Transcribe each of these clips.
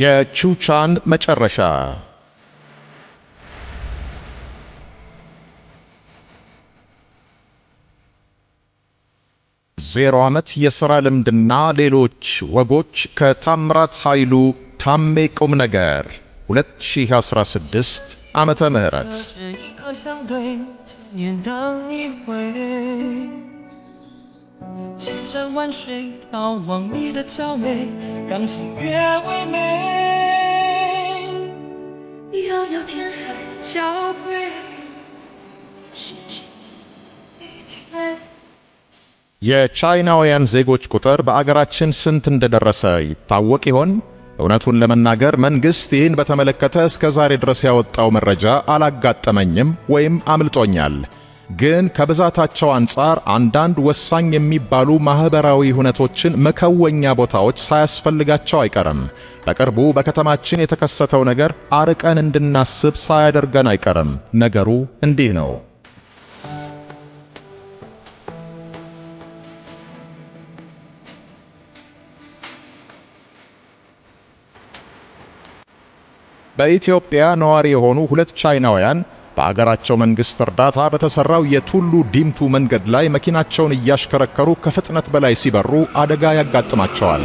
የቹቻን መጨረሻ ዜሮ ዓመት የሥራ ልምድና ሌሎች ወጎች ከታምራት ኃይሉ ታሜ ቁም ነገር 2016 ዓመተ ምህረት 的万水，遥望你的娇美，让星月为媒。遥遥天海交汇。የቻይናውያን ዜጎች ቁጥር በአገራችን ስንት እንደደረሰ ይታወቅ ይሆን? እውነቱን ለመናገር መንግሥት ይህን በተመለከተ እስከ ዛሬ ድረስ ያወጣው መረጃ አላጋጠመኝም ወይም አምልጦኛል። ግን ከብዛታቸው አንጻር አንዳንድ ወሳኝ የሚባሉ ማኅበራዊ ሁነቶችን መከወኛ ቦታዎች ሳያስፈልጋቸው አይቀርም። በቅርቡ በከተማችን የተከሰተው ነገር አርቀን እንድናስብ ሳያደርገን አይቀርም። ነገሩ እንዲህ ነው። በኢትዮጵያ ነዋሪ የሆኑ ሁለት ቻይናውያን በአገራቸው መንግስት እርዳታ በተሰራው የቱሉ ዲምቱ መንገድ ላይ መኪናቸውን እያሽከረከሩ ከፍጥነት በላይ ሲበሩ አደጋ ያጋጥማቸዋል።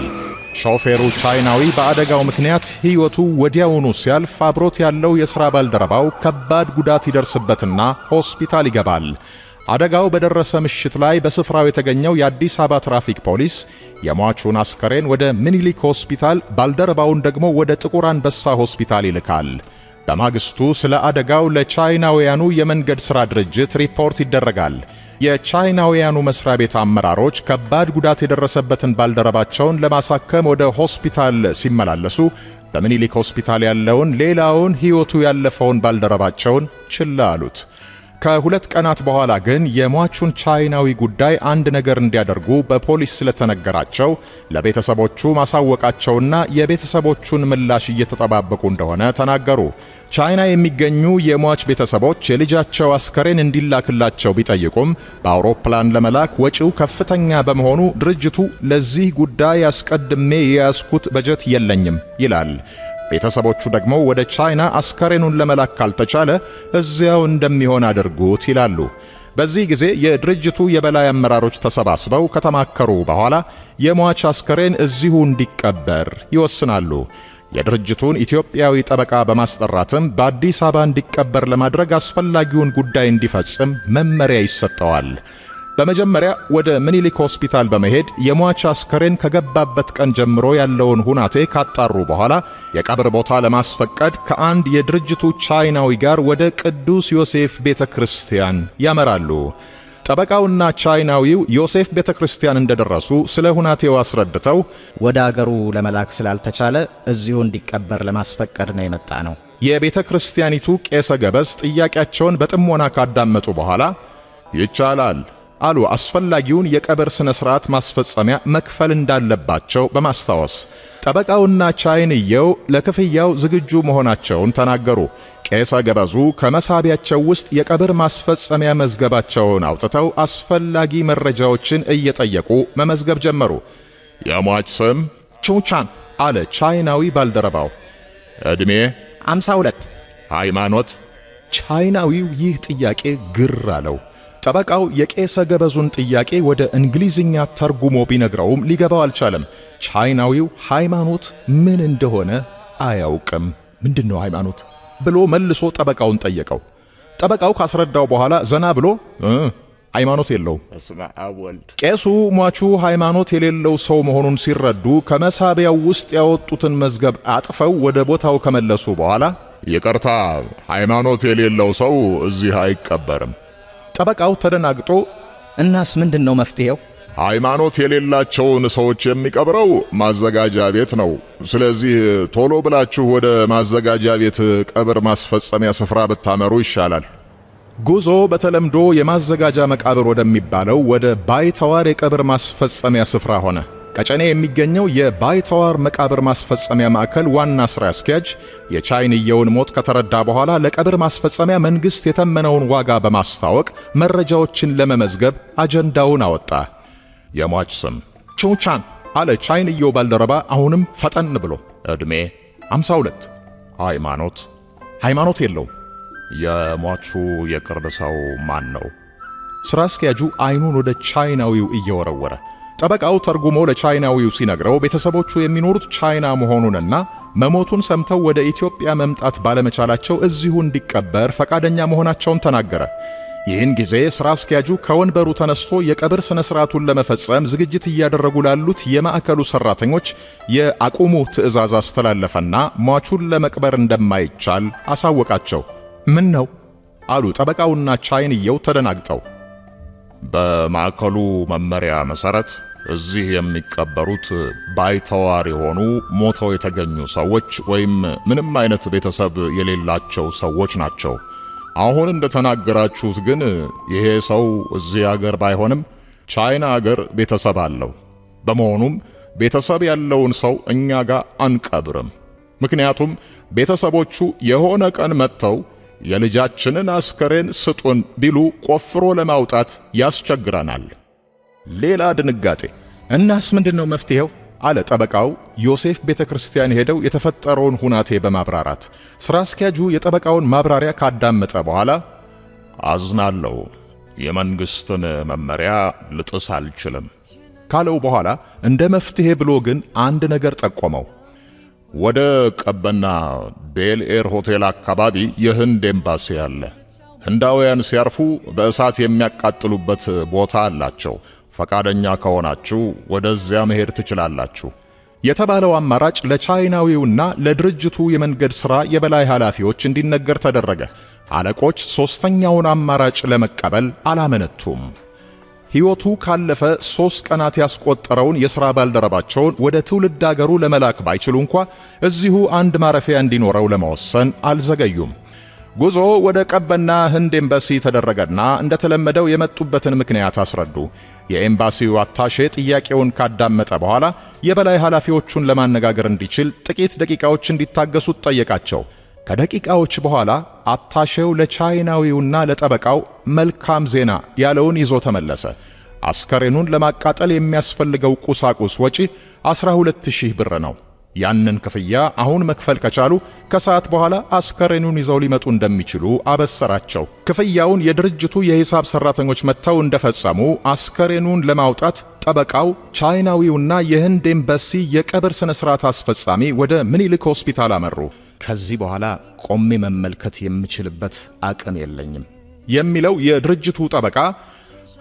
ሾፌሩ ቻይናዊ በአደጋው ምክንያት ሕይወቱ ወዲያውኑ ሲያልፍ አብሮት ያለው የሥራ ባልደረባው ከባድ ጉዳት ይደርስበትና ሆስፒታል ይገባል። አደጋው በደረሰ ምሽት ላይ በስፍራው የተገኘው የአዲስ አበባ ትራፊክ ፖሊስ የሟቹን አስከሬን ወደ ሚኒሊክ ሆስፒታል፣ ባልደረባውን ደግሞ ወደ ጥቁር አንበሳ ሆስፒታል ይልካል። በማግስቱ ስለ አደጋው ለቻይናውያኑ የመንገድ ሥራ ድርጅት ሪፖርት ይደረጋል። የቻይናውያኑ መስሪያ ቤት አመራሮች ከባድ ጉዳት የደረሰበትን ባልደረባቸውን ለማሳከም ወደ ሆስፒታል ሲመላለሱ በምኒልክ ሆስፒታል ያለውን ሌላውን ሕይወቱ ያለፈውን ባልደረባቸውን ችላ አሉት። ከሁለት ቀናት በኋላ ግን የሟቹን ቻይናዊ ጉዳይ አንድ ነገር እንዲያደርጉ በፖሊስ ስለተነገራቸው ለቤተሰቦቹ ማሳወቃቸውና የቤተሰቦቹን ምላሽ እየተጠባበቁ እንደሆነ ተናገሩ። ቻይና የሚገኙ የሟች ቤተሰቦች የልጃቸው አስከሬን እንዲላክላቸው ቢጠይቁም በአውሮፕላን ለመላክ ወጪው ከፍተኛ በመሆኑ ድርጅቱ ለዚህ ጉዳይ አስቀድሜ የያዝኩት በጀት የለኝም ይላል። ቤተሰቦቹ ደግሞ ወደ ቻይና አስከሬኑን ለመላክ ካልተቻለ እዚያው እንደሚሆን አድርጉት ይላሉ። በዚህ ጊዜ የድርጅቱ የበላይ አመራሮች ተሰባስበው ከተማከሩ በኋላ የሟች አስከሬን እዚሁ እንዲቀበር ይወስናሉ። የድርጅቱን ኢትዮጵያዊ ጠበቃ በማስጠራትም በአዲስ አበባ እንዲቀበር ለማድረግ አስፈላጊውን ጉዳይ እንዲፈጽም መመሪያ ይሰጠዋል። በመጀመሪያ ወደ ምኒሊክ ሆስፒታል በመሄድ የሟች አስከሬን ከገባበት ቀን ጀምሮ ያለውን ሁናቴ ካጣሩ በኋላ የቀብር ቦታ ለማስፈቀድ ከአንድ የድርጅቱ ቻይናዊ ጋር ወደ ቅዱስ ዮሴፍ ቤተ ክርስቲያን ያመራሉ። ጠበቃውና ቻይናዊው ዮሴፍ ቤተ ክርስቲያን እንደደረሱ ስለ ሁናቴው አስረድተው ወደ አገሩ ለመላክ ስላልተቻለ እዚሁ እንዲቀበር ለማስፈቀድ ነው የመጣ ነው። የቤተ ክርስቲያኒቱ ቄሰ ገበዝ ጥያቄያቸውን በጥሞና ካዳመጡ በኋላ ይቻላል አሉ አስፈላጊውን የቀብር ሥነ ሥርዓት ማስፈጸሚያ መክፈል እንዳለባቸው በማስታወስ ጠበቃውና ቻይንየው ለክፍያው ዝግጁ መሆናቸውን ተናገሩ። ቄሰ ገበዙ ከመሳቢያቸው ውስጥ የቀብር ማስፈጸሚያ መዝገባቸውን አውጥተው አስፈላጊ መረጃዎችን እየጠየቁ መመዝገብ ጀመሩ። የሟች ስም ቹቻን አለ ቻይናዊ ባልደረባው። ዕድሜ 52። ሃይማኖት ቻይናዊው ይህ ጥያቄ ግር አለው። ጠበቃው የቄሰ ገበዙን ጥያቄ ወደ እንግሊዝኛ ተርጉሞ ቢነግረውም ሊገባው አልቻለም። ቻይናዊው ሃይማኖት ምን እንደሆነ አያውቅም። ምንድን ነው ሃይማኖት ብሎ መልሶ ጠበቃውን ጠየቀው። ጠበቃው ካስረዳው በኋላ ዘና ብሎ ሃይማኖት የለውም። ቄሱ ሟቹ ሃይማኖት የሌለው ሰው መሆኑን ሲረዱ ከመሳቢያው ውስጥ ያወጡትን መዝገብ አጥፈው ወደ ቦታው ከመለሱ በኋላ ይቅርታ፣ ሃይማኖት የሌለው ሰው እዚህ አይቀበርም ጠበቃው ተደናግጦ እናስ ምንድን ነው መፍትሄው? ሃይማኖት የሌላቸውን ሰዎች የሚቀብረው ማዘጋጃ ቤት ነው። ስለዚህ ቶሎ ብላችሁ ወደ ማዘጋጃ ቤት ቀብር ማስፈጸሚያ ስፍራ ብታመሩ ይሻላል። ጉዞ በተለምዶ የማዘጋጃ መቃብር ወደሚባለው ወደ ባይተዋር የቀብር ማስፈጸሚያ ስፍራ ሆነ። ቀጨኔ የሚገኘው የባይተዋር መቃብር ማስፈጸሚያ ማዕከል ዋና ሥራ አስኪያጅ የቻይንየውን ሞት ከተረዳ በኋላ ለቀብር ማስፈጸሚያ መንግሥት የተመነውን ዋጋ በማስታወቅ መረጃዎችን ለመመዝገብ አጀንዳውን አወጣ። የሟች ስም ቹቻን አለ ቻይንየው ባልደረባ አሁንም ፈጠን ብሎ። ዕድሜ 52። ሃይማኖት ሃይማኖት የለውም። የሟቹ የቅርብ ሰው ማን ነው? ሥራ አስኪያጁ ዐይኑን ወደ ቻይናዊው እየወረወረ ጠበቃው ተርጉሞ ለቻይናዊው ሲነግረው ቤተሰቦቹ የሚኖሩት ቻይና መሆኑንና መሞቱን ሰምተው ወደ ኢትዮጵያ መምጣት ባለመቻላቸው እዚሁ እንዲቀበር ፈቃደኛ መሆናቸውን ተናገረ። ይህን ጊዜ ሥራ አስኪያጁ ከወንበሩ ተነስቶ የቀብር ሥነ ሥርዓቱን ለመፈጸም ዝግጅት እያደረጉ ላሉት የማዕከሉ ሠራተኞች የአቁሙ ትዕዛዝ አስተላለፈና ሟቹን ለመቅበር እንደማይቻል አሳወቃቸው። ምን ነው አሉ ጠበቃውና ቻይንየው ተደናግጠው። በማዕከሉ መመሪያ መሠረት እዚህ የሚቀበሩት ባይተዋር የሆኑ ሞተው የተገኙ ሰዎች ወይም ምንም አይነት ቤተሰብ የሌላቸው ሰዎች ናቸው። አሁን እንደተናገራችሁት ግን ይሄ ሰው እዚህ አገር ባይሆንም ቻይና አገር ቤተሰብ አለው። በመሆኑም ቤተሰብ ያለውን ሰው እኛ ጋር አንቀብርም። ምክንያቱም ቤተሰቦቹ የሆነ ቀን መጥተው የልጃችንን አስከሬን ስጡን ቢሉ ቆፍሮ ለማውጣት ያስቸግረናል። ሌላ ድንጋጤ። እናስ ምንድን ነው መፍትሄው? አለ ጠበቃው ዮሴፍ ቤተ ክርስቲያን ሄደው የተፈጠረውን ሁናቴ በማብራራት። ሥራ አስኪያጁ የጠበቃውን ማብራሪያ ካዳመጠ በኋላ አዝናለሁ፣ የመንግሥትን መመሪያ ልጥስ አልችልም ካለው በኋላ እንደ መፍትሄ ብሎ ግን አንድ ነገር ጠቆመው። ወደ ቀበና ቤልኤር ሆቴል አካባቢ የህንድ ኤምባሲ አለ። ህንዳውያን ሲያርፉ በእሳት የሚያቃጥሉበት ቦታ አላቸው። ፈቃደኛ ከሆናችሁ ወደዚያ መሄድ ትችላላችሁ የተባለው አማራጭ ለቻይናዊውና ለድርጅቱ የመንገድ ሥራ የበላይ ኃላፊዎች እንዲነገር ተደረገ። አለቆች ሦስተኛውን አማራጭ ለመቀበል አላመነቱም። ሕይወቱ ካለፈ ሦስት ቀናት ያስቆጠረውን የሥራ ባልደረባቸውን ወደ ትውልድ አገሩ ለመላክ ባይችሉ እንኳ እዚሁ አንድ ማረፊያ እንዲኖረው ለመወሰን አልዘገዩም። ጉዞ ወደ ቀበና ህንድ ኤምባሲ ተደረገና እንደተለመደው የመጡበትን ምክንያት አስረዱ። የኤምባሲው አታሼ ጥያቄውን ካዳመጠ በኋላ የበላይ ኃላፊዎቹን ለማነጋገር እንዲችል ጥቂት ደቂቃዎች እንዲታገሱት ጠየቃቸው። ከደቂቃዎች በኋላ አታሼው ለቻይናዊውና ለጠበቃው መልካም ዜና ያለውን ይዞ ተመለሰ። አስከሬኑን ለማቃጠል የሚያስፈልገው ቁሳቁስ ወጪ 12000 ብር ነው። ያንን ክፍያ አሁን መክፈል ከቻሉ ከሰዓት በኋላ አስከሬኑን ይዘው ሊመጡ እንደሚችሉ አበሰራቸው። ክፍያውን የድርጅቱ የሂሳብ ሰራተኞች መጥተው እንደፈጸሙ አስከሬኑን ለማውጣት ጠበቃው ቻይናዊውና የህንድ ኤምባሲ የቀብር ስነ ስርዓት አስፈጻሚ ወደ ምኒልክ ሆስፒታል አመሩ። ከዚህ በኋላ ቆሜ መመልከት የምችልበት አቅም የለኝም የሚለው የድርጅቱ ጠበቃ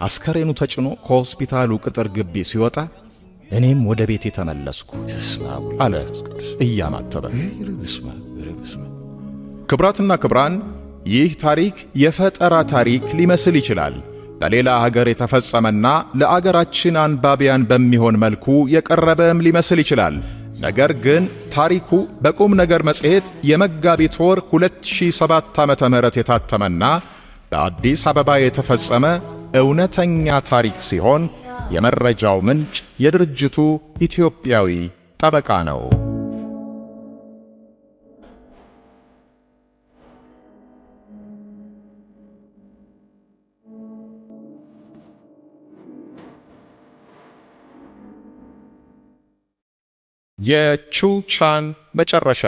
አስከሬኑ ተጭኖ ከሆስፒታሉ ቅጥር ግቢ ሲወጣ እኔም ወደ ቤት የተመለስኩ አለ እያማተበ። ክብራትና ክብራን ይህ ታሪክ የፈጠራ ታሪክ ሊመስል ይችላል። በሌላ ሀገር የተፈጸመና ለአገራችን አንባቢያን በሚሆን መልኩ የቀረበም ሊመስል ይችላል። ነገር ግን ታሪኩ በቁም ነገር መጽሔት የመጋቢት ወር 2007 ም የታተመና በአዲስ አበባ የተፈጸመ እውነተኛ ታሪክ ሲሆን የመረጃው ምንጭ የድርጅቱ ኢትዮጵያዊ ጠበቃ ነው። የቹቻን መጨረሻ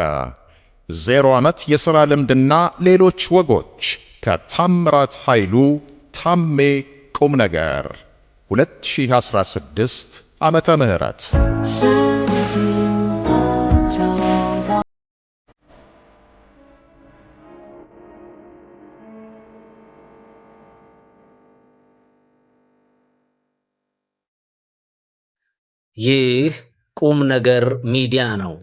ዜሮ ዓመት የሥራ ልምድና ሌሎች ወጎች ከታምራት ኃይሉ ታሜ ቁም ነገር 2016 ዓመተ ምህረት ይህ ቁም ነገር ሚዲያ ነው።